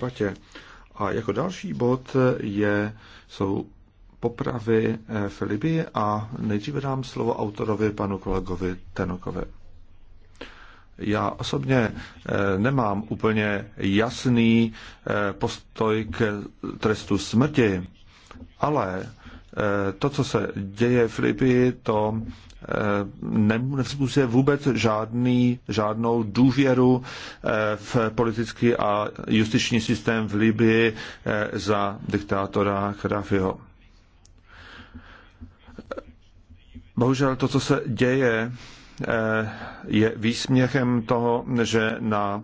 tratě. A jako další bod je, jsou popravy eh, v Libii a nejdříve dám slovo autorovi, panu kolegovi Tenokovi. Já osobně eh, nemám úplně jasný eh, postoj k trestu smrti, ale Eh, to, co se děje v Libii, to eh, nevzbuzuje vůbec žádný, žádnou důvěru eh, v politický a justiční systém v Libii za diktátora Kadáfiho. Bohužel to, co se děje, je výsměchem toho, že na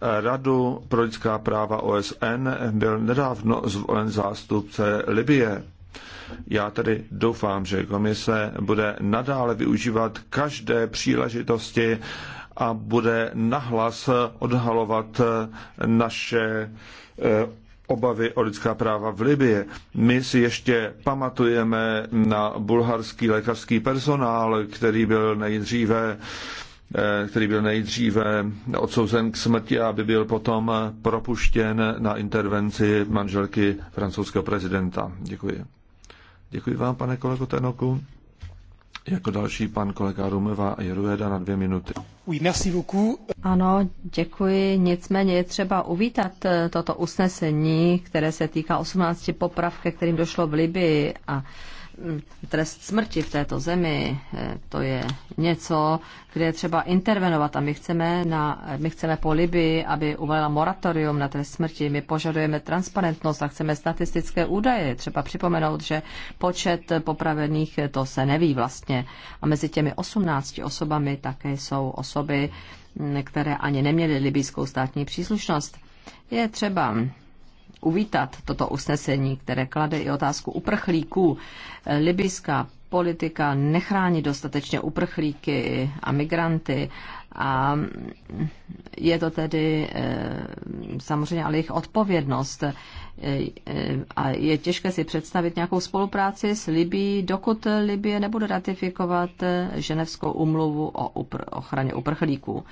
Radu pro lidská práva OSN byl nedávno zvolen zástupce Libie. Já tedy doufám, že komise bude nadále využívat každé příležitosti a bude nahlas odhalovat naše eh, obavy o lidská práva v Libii. My si ještě pamatujeme na bulharský lékařský personál, který byl nejdříve eh, který byl nejdříve odsouzen k smrti, aby byl potom propuštěn na intervenci manželky francouzského prezidenta. Děkuji. Děkuji vám, pane kolego Tenoku. Jako další pan kolega Rumeva a Jerueda na dvě minuty. Ano, děkuji. Nicméně je třeba uvítat eh, toto usnesení, které se týká 18 poprav, ke kterým došlo v Libii a trest smrti v této zemi, eh, to je něco, kde je třeba intervenovat a my chceme, na, my chceme po Libii, aby uvalila moratorium na trest smrti. My požadujeme transparentnost a chceme statistické údaje. Třeba připomenout, že počet popravených eh, to se neví vlastně. A mezi těmi 18 osobami také jsou osoby, které ani neměly libijskou státní příslušnost. Je třeba uvítat toto usnesení, které klade i otázku uprchlíků. Libyská politika nechrání dostatečně uprchlíky a migranty a je to tedy eh, samozřejmě ale jejich odpovědnost. Eh, a je těžké si představit nějakou spolupráci s Libií, dokud Libie nebude ratifikovat eh, Ženevskou umluvu o upr- ochraně uprchlíků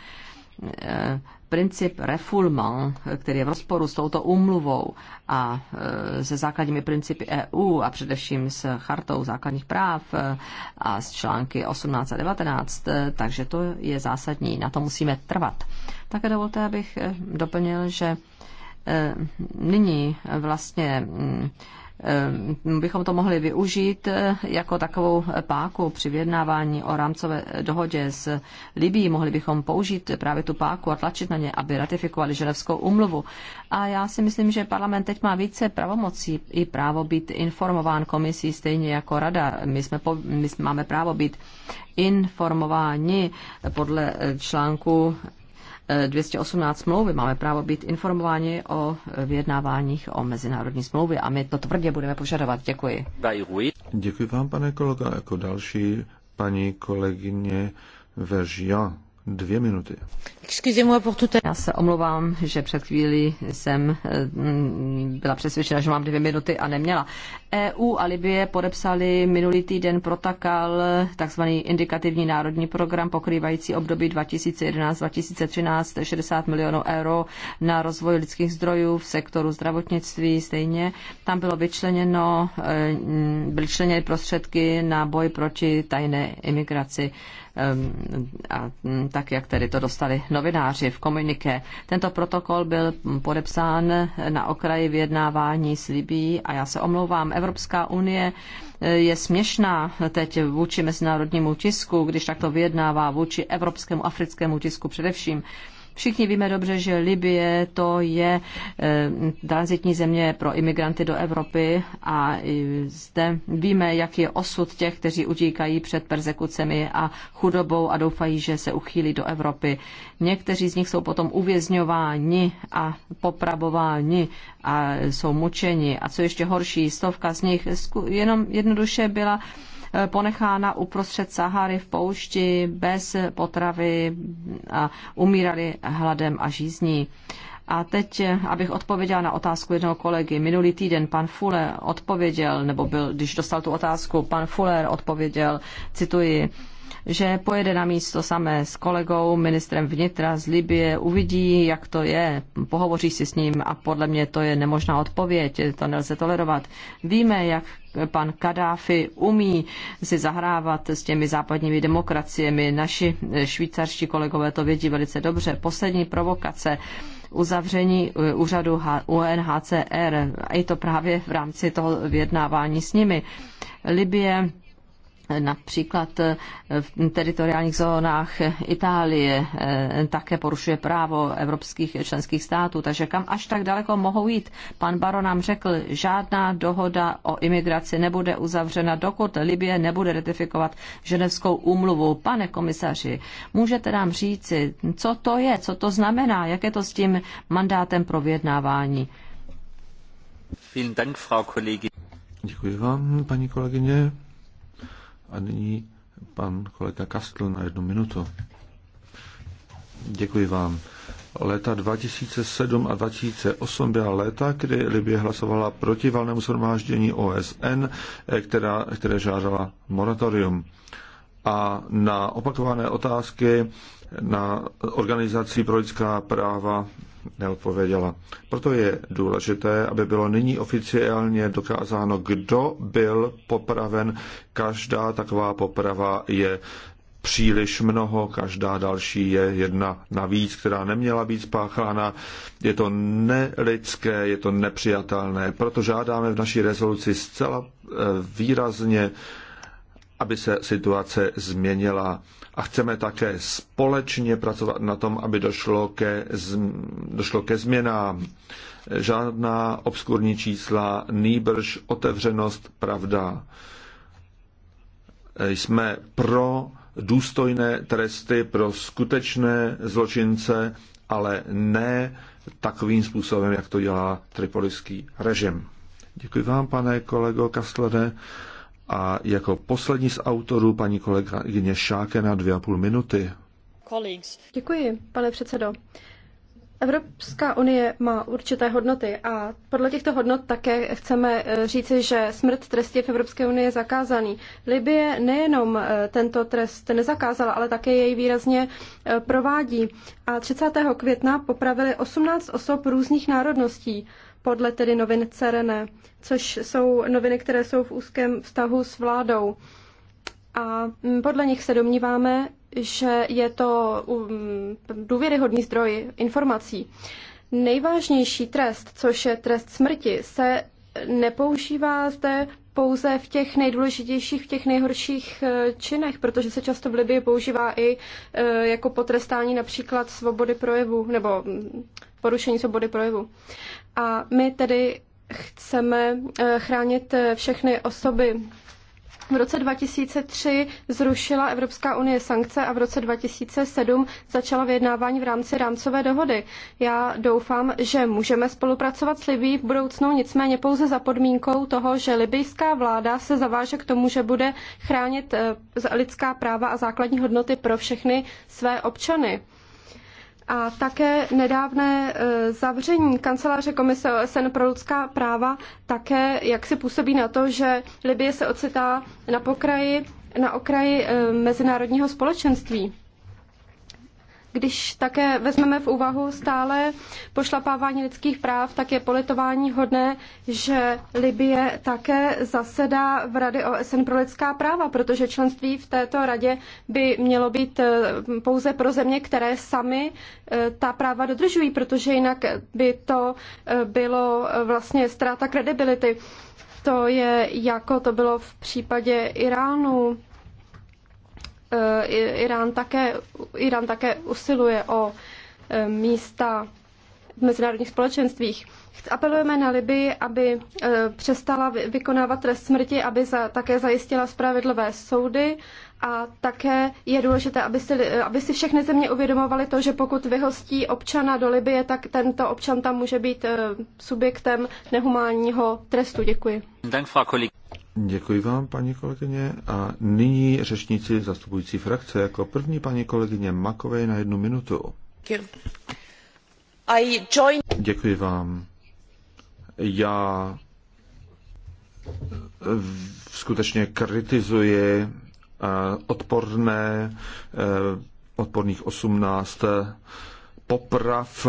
princip refoulement, který je v rozporu s touto úmluvou a e, se základními principy EU a především s chartou základních práv e, a s články 18 a 19, e, takže to je zásadní, na to musíme trvat. Také dovolte, abych doplnil, že nyní vlastně mm, Ehm, bychom to mohli využít eh, jako takovou páku při vyjednávání o rámcové dohodě s Libí. Mohli bychom použít právě tu páku a tlačit na ně, aby ratifikovali Ženevskou umluvu. A já si myslím, že parlament teď má více pravomocí i právo být informován komisí stejně jako rada. My, jsme po, my máme právo být informováni podle eh, článku 218 smlouvy máme právo být informováni o vyjednáváních o mezinárodní smlouvy a my to tvrdě budeme požadovat. Děkuji. Děkuji vám, pane kolega. Jako další paní kolegyně Veržia dvě minuty. Já se omlouvám, že před chvílí jsem mm, byla přesvědčena, že mám dvě minuty a neměla. EU a Libie podepsali minulý týden protokol, takzvaný indikativní národní program pokrývající období 2011-2013, 60 milionů euro na rozvoj lidských zdrojů v sektoru zdravotnictví stejně. Tam bylo vyčleněno, e, byly členěny prostředky na boj proti tajné imigraci a mm, tak, jak tedy to dostali novináři v komuniké. Tento protokol byl podepsán na okraji vyjednávání s Libí a já se omlouvám, Evropská unie e, je směšná teď vůči mezinárodnímu tisku, když takto vyjednává vůči evropskému africkému tisku především. Všichni víme dobře, že Libie to je eh, tranzitní země pro imigranty do Evropy a zde víme, jak je osud těch, kteří utíkají před persekucemi a chudobou a doufají, že se uchýlí do Evropy. Někteří z nich jsou potom uvězňováni a popravováni a jsou mučeni. A co ještě horší, stovka z nich jenom jednoduše byla ponechána uprostřed Sahary v poušti bez potravy a umírali hladem a žízní. A teď, eh, abych odpověděla na otázku jednoho kolegy. Minulý týden pan Fuller odpověděl, nebo byl, když dostal tu otázku, pan Fuller odpověděl, cituji, že pojede na místo samé s kolegou, ministrem vnitra z Libie, uvidí, jak to je, pohovoří si s ním a podle mě to je nemožná odpověď, to nelze tolerovat. Víme, jak pan Kadáfi umí si zahrávat s těmi západními demokraciemi. Naši švýcarští kolegové to vědí velice dobře. Poslední provokace uzavření eh, úřadu UNHCR. A je to právě v rámci toho vyjednávání s nimi. Libie například eh, v teritoriálních zónách Itálie eh, také porušuje právo evropských členských států. Takže kam až tak daleko mohou jít? Pan Baro nám řekl, žádná dohoda o imigraci nebude uzavřena, dokud Libie nebude ratifikovat ženevskou úmluvu. Pane komisaři, můžete nám říci, co to je, co to znamená, jak je to s tím mandátem pro vyjednávání? Děkuji vám, paní kolegyně. A nyní pan kolega Kastl na jednu minutu. Děkuji vám. Léta 2007 a 2008 byla léta, kdy Libie hlasovala proti valnému shromáždění OSN, e, která, které žádala moratorium a na opakované otázky na organizaci pro lidská práva neodpověděla. Proto je důležité, aby bylo nyní oficiálně dokázáno, kdo byl popraven. Každá taková poprava je příliš mnoho, každá další je jedna navíc, která neměla být spáchána. Je to nelidské, je to nepřijatelné. Proto žádáme v naší rezoluci zcela eh, výrazně aby se situace změnila. A chceme také společně pracovat na tom, aby došlo ke, došlo ke změnám. Žádná obskurní čísla, nýbrž otevřenost, pravda. Jsme pro důstojné tresty pro skutečné zločince, ale ne takovým způsobem, jak to dělá tripoliský režim. Děkuji vám, pane kolego Kastlede. A jako poslední z autorů paní kolegyně Šáke na dvě a půl minuty. Děkuji, pane předsedo. Evropská unie má určité hodnoty a podle těchto hodnot také chceme eh, říci, že smrt trestě v Evropské unii je zakázaný. Libie nejenom eh, tento trest nezakázala, ale také jej výrazně eh, provádí. A 30. května popravili 18 osob různých národností podle tedy novin Cerene, což jsou noviny, které jsou v úzkém vztahu s vládou. A mm, podle nich se domníváme, že je to mm, důvěryhodný zdroj informací. Nejvážnější trest, což je trest smrti, se nepoužívá zde pouze v těch nejdůležitějších, v těch nejhorších e, činech, protože se často v Libii používá i e, jako potrestání například svobody projevu nebo mm, porušení svobody projevu. A my tedy chceme eh, chránit eh, všechny osoby. V roce 2003 zrušila Evropská unie sankce a v roce 2007 začala vyjednávání v rámci rámcové dohody. Já doufám, že můžeme spolupracovat s Libí v budoucnu, nicméně pouze za podmínkou toho, že libijská vláda se zaváže k tomu, že bude chránit eh, lidská práva a základní hodnoty pro všechny své občany a také nedávné e, zavření kanceláře Komise OSN pro lidská práva také jak si působí na to, že Libie se ocitá na pokraji, na okraji e, mezinárodního společenství. Když také vezmeme v úvahu stále pošlapávání lidských práv, tak je politování hodné, že Libie také zasedá v Rady OSN pro lidská práva, protože členství v této radě by mělo být eh, pouze pro země, které sami eh, ta práva dodržují, protože jinak by to eh, bylo vlastně ztráta kredibility. To je jako to bylo v případě Iránu Eh, Irán také, Irán také usiluje o eh, místa v mezinárodních společenstvích. Apelujeme na Libii, aby eh, přestala vykonávat trest smrti, aby za, také zajistila spravedlivé soudy a také je důležité, aby si, aby si všechny země uvědomovaly to, že pokud vyhostí občana do Libie, tak tento občan tam může být subjektem nehumánního trestu. Děkuji. Děkuji vám, paní kolegyně. A nyní řečníci zastupující frakce. Jako první paní kolegyně Makové na jednu minutu. Děkuji vám. Já skutečně kritizuji eh, odporné, eh, odporných 18 poprav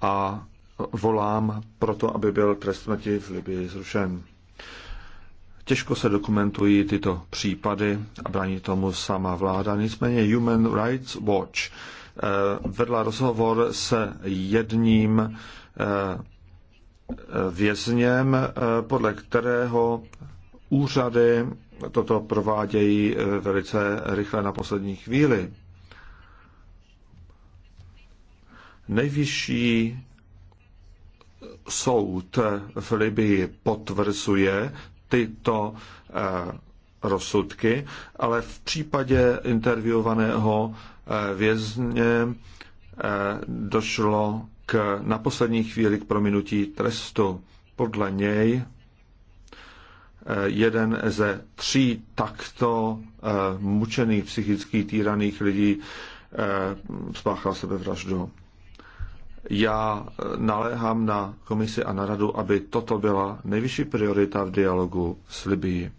a volám proto, aby byl trest smrti v Libii zrušen. Těžko se dokumentují tyto případy a brání tomu sama vláda. Nicméně Human Rights Watch eh, vedla rozhovor se jedním eh, eh, vězněm, podle kterého úřady toto provádějí velice rychle na poslední chvíli. Nejvyšší soud v Libii potvrzuje tyto eh, rozsudky, ale v případě intervjuovaného eh, vězně eh, došlo k, na poslední chvíli k prominutí trestu. Podle něj jeden ze tří takto mučených psychicky týraných lidí spáchal sebevraždu. Já eh, naléhám na komisi a na radu, aby toto byla nejvyšší priorita v dialogu s Libií.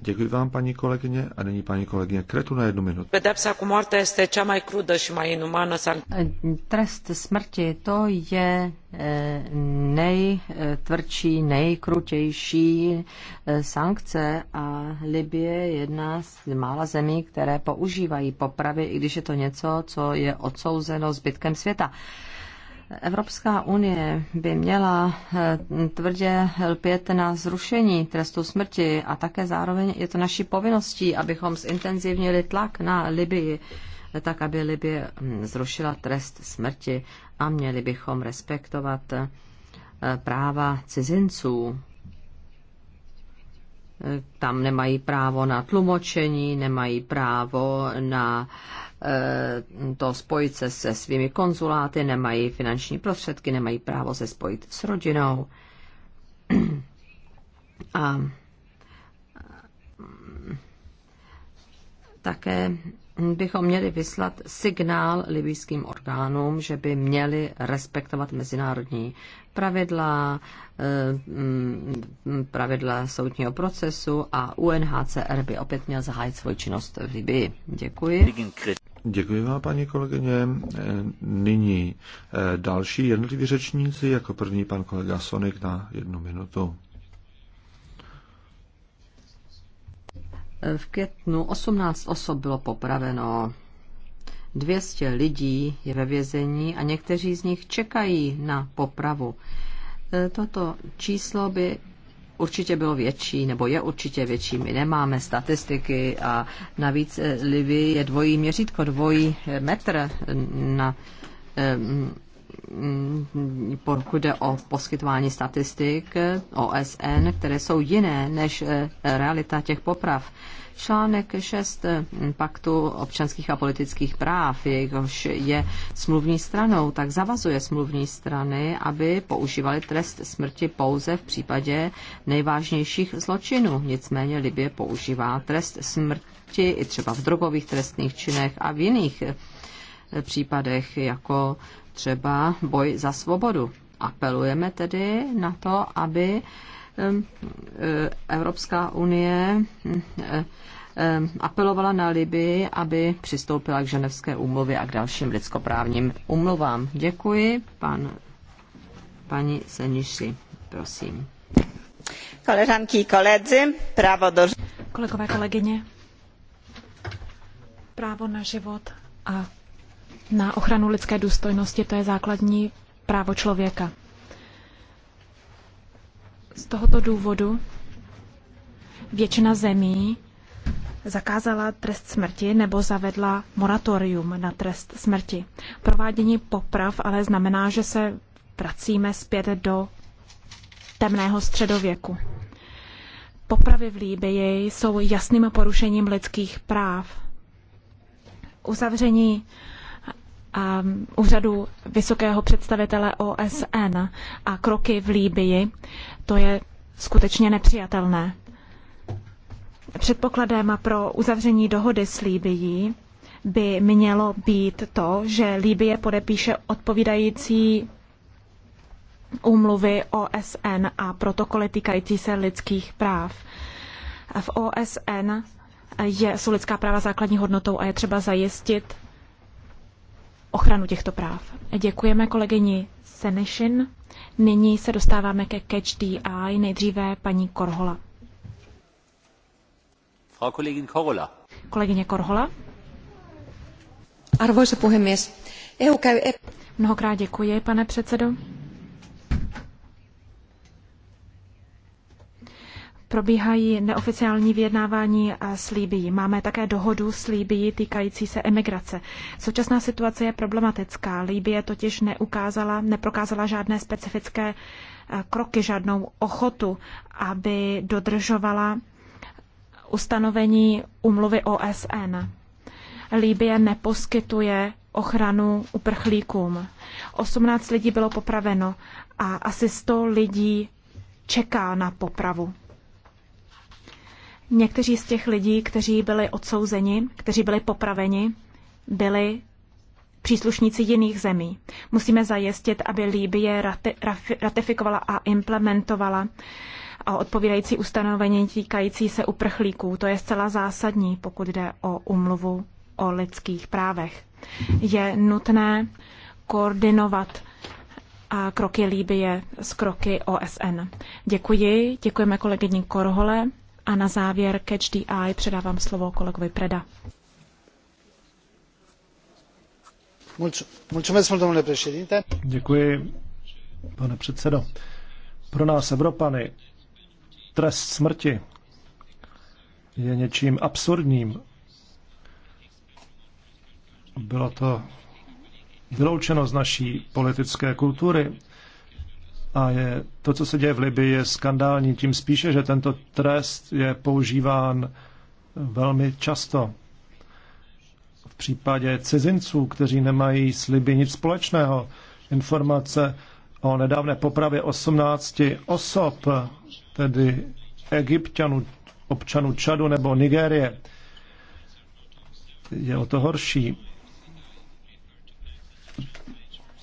Děkuji vám, paní kolegyně, a nyní paní kolegyně Kretu na jednu minutu. Eh, trest smrti to je eh, nejtvrdší, nejkrutější sankce a Libie je jedna z mála zemí, které používají popravy, i když je to něco, co je odsouzeno zbytkem světa. Evropská unie by měla eh, tvrdě lpět na zrušení trestu smrti a také zároveň je to naší povinností, abychom zintenzivnili tlak na Libii, eh, tak aby Libie hm, zrušila trest smrti a měli bychom respektovat eh, práva cizinců. Tam nemají právo na tlumočení, nemají právo na uh, to spojit se se svými konzuláty, nemají finanční prostředky, nemají právo se spojit s rodinou. A Také bychom měli vyslat signál libýským orgánům, že by měli respektovat mezinárodní pravidla, eh, mm, pravidla soudního procesu a UNHCR by opět měl zahájit svoji činnost v Libii. Děkuji. Děkuji vám, paní kolegyně. Eh, nyní eh, další jednotliví řečníci, jako první pan kolega Sonik na jednu minutu. V květnu 18 osob bylo popraveno. 200 lidí je ve vězení a někteří z nich čekají na popravu. E, toto číslo by určitě bylo větší, nebo je určitě větší. My nemáme statistiky a navíc e, Livy je dvojí měřítko, dvojí metr na Mm, pokud jde o poskytování statistik eh, OSN, které jsou jiné než eh, realita těch poprav. Článek 6 eh, Paktu občanských a politických práv, jehož je smluvní stranou, tak zavazuje smluvní strany, aby používali trest smrti pouze v případě nejvážnějších zločinů. Nicméně Libie používá trest smrti i třeba v drogových trestných činech a v jiných případech, jako třeba boj za svobodu. Apelujeme tedy na to, aby eh, Evropská unie hm, eh, apelovala na Libii, aby přistoupila k ženevské úmluvě a k dalším lidskoprávním úmluvám. Děkuji, pan, paní Seniši, prosím. Koleżanki koledzy, právo do... Kolegové, kolegyně, právo na život a na ochranu lidské důstojnosti, to je základní právo člověka. Z tohoto důvodu většina zemí zakázala trest smrti nebo zavedla moratorium na trest smrti. Provádění poprav ale znamená, že se vracíme zpět do temného středověku. Popravy v Líbii jsou jasným porušením lidských práv. Uzavření úřadu vysokého představitele OSN a kroky v Líbii, to je skutečně nepřijatelné. Předpokladem pro uzavření dohody s Líbií by mělo být to, že Líbie podepíše odpovídající úmluvy OSN a protokoly týkající se lidských práv. V OSN je, jsou lidská práva základní hodnotou a je třeba zajistit ochranu těchto práv. Děkujeme kolegyni Senešin. Nyní se dostáváme ke Catch the Eye, nejdříve paní Korhola. Frau Kollegin Korhola. Kolegyně Korhola. Arvoisa puhemies. EU käy... Mnohokrát děkuji, pane předsedo. Probíhají neoficiální vyjednávání eh, s Líbí. Máme také dohodu s Líbí týkající se emigrace. Současná situace je problematická. Líbie totiž neukázala, neprokázala žádné specifické eh, kroky, žádnou ochotu, aby dodržovala ustanovení umluvy OSN. Líbie neposkytuje ochranu uprchlíkům. 18 lidí bylo popraveno a asi 100 lidí čeká na popravu. Někteří z těch lidí, kteří byli odsouzeni, kteří byli popraveni, byli příslušníci jiných zemí. Musíme zajistit, aby Líbie ratifikovala a implementovala a odpovídající ustanovení týkající se uprchlíků. To je zcela zásadní, pokud jde o umluvu o lidských právech. Je nutné koordinovat a kroky Líbie s kroky OSN. Děkuji, děkujeme kolegyni Korhole. A na závěr Catch the Eye předávám slovo kolegovi Preda. Děkuji, pane předsedo. Pro nás Evropany trest smrti je něčím absurdním. Bylo to vyloučeno z naší politické kultury a je, to, co se děje v Libii, je skandální. Tím spíše, že tento trest je používán velmi často. V případě cizinců, kteří nemají s Libii nic společného, informace o nedávné popravě 18 osob, tedy egyptianů, občanů Čadu nebo Nigérie, je o to horší.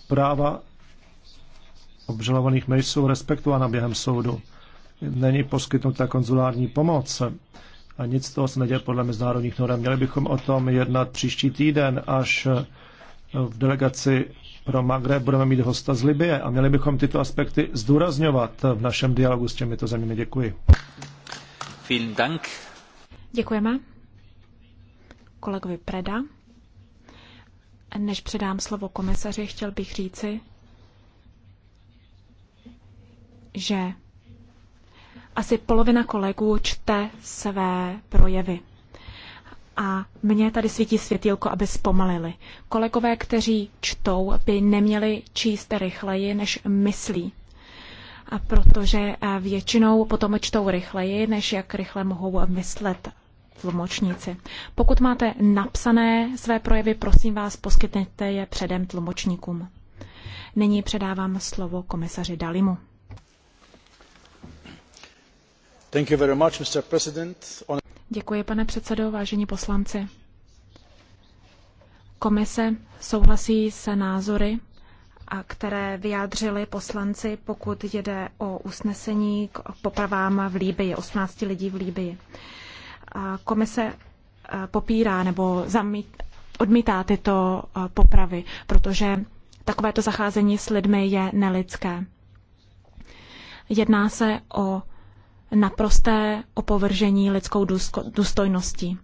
Práva obžalovaných nejsou respektována během soudu. Není poskytnuta konzulární pomoc a nic z toho se neděje podle mezinárodních norm. Měli bychom o tom jednat příští týden, až v delegaci pro Magreb budeme mít hosta z Libie a měli bychom tyto aspekty zdůrazňovat v našem dialogu s těmito zeměmi. Děkuji. Vielen Dank. Děkujeme kolegovi Preda. Než předám slovo komisaři, chtěl bych říci, že asi polovina kolegů čte své projevy. A mně tady svítí světýlko, aby zpomalili. Kolegové, kteří čtou, by neměli číst rychleji, než myslí. A protože eh, většinou potom čtou rychleji, než jak rychle mohou myslet tlumočníci. Pokud máte napsané své projevy, prosím vás, poskytněte je předem tlumočníkům. Nyní předávám slovo komisaři Dalimu. Děkuji, pane předsedo, vážení poslanci. Komise souhlasí se názory, a které vyjádřili poslanci, pokud jde o usnesení k popravám v 18 lidí v Líbii. Komise e, popírá nebo zamít, odmítá tyto e, popravy, protože takovéto zacházení s lidmi je nelidské. Jedná se o naprosté opovržení lidskou důstojností.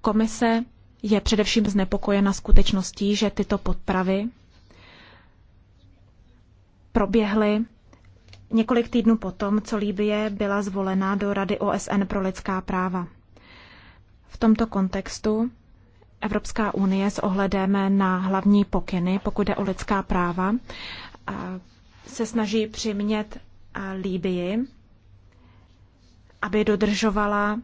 Komise je především znepokojena skutečností, že tyto podpravy proběhly několik týdnů potom, co Líbie byla zvolena do Rady OSN pro lidská práva. V tomto kontextu Evropská unie s ohledem na hlavní pokyny, pokud jde o lidská práva, se snaží přimět Líbii, aby dodržovala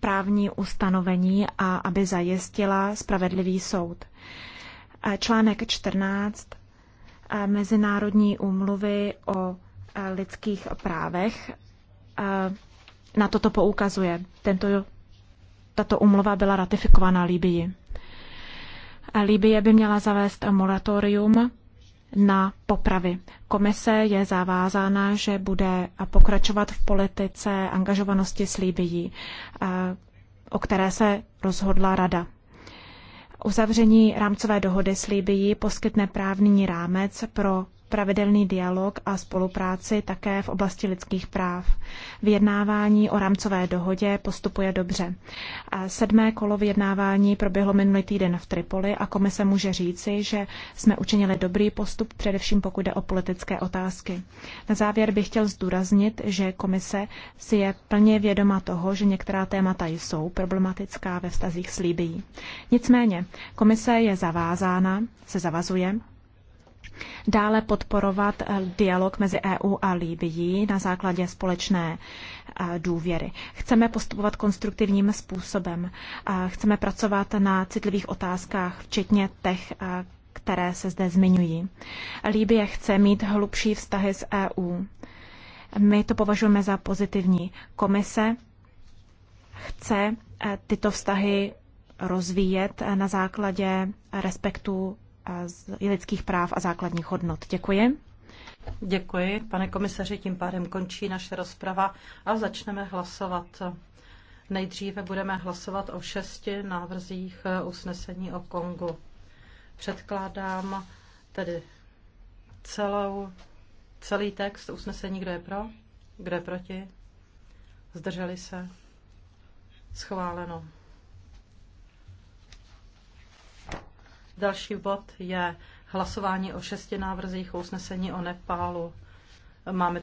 právní ustanovení a aby zajistila spravedlivý soud. Článek 14 Mezinárodní úmluvy o lidských právech na toto poukazuje. Tento, tato úmluva byla ratifikována Libii. Libie by měla zavést moratorium na popravy. Komise je zavázána, že bude pokračovat v politice angažovanosti s eh, o které se rozhodla Rada. Uzavření rámcové dohody s Líbyí poskytne právní rámec pro pravidelný dialog a spolupráci také v oblasti lidských práv. Vyjednávání o rámcové dohodě postupuje dobře. Sedmé kolo vyjednávání proběhlo minulý týden v Tripoli a komise může říci, že jsme učinili dobrý postup, především pokud jde o politické otázky. Na závěr bych chtěl zdůraznit, že komise si je plně vědoma toho, že některá témata jsou problematická ve vztazích s Líbií. Nicméně, komise je zavázána, se zavazuje, dále podporovat eh, dialog mezi EU a Líbií na základě společné eh, důvěry. Chceme postupovat konstruktivním způsobem. Eh, chceme pracovat na citlivých otázkách, včetně těch, které se zde zmiňují. Líbie chce mít hlubší vztahy s EU. My to považujeme za pozitivní. Komise chce tyto vztahy rozvíjet na základě respektu lidských práv a základních hodnot. Děkuji. Děkuji, pane komisaři, tím pádem končí naše rozprava a začneme hlasovat. Nejdříve budeme hlasovat o šesti návrzích eh, usnesení o Kongu. Předkládám tedy celou, celý text usnesení, kdo je pro, kdo je proti, zdrželi se, schváleno. Další bod je hlasování o šesti návrzích usnesení o Nepálu. Máme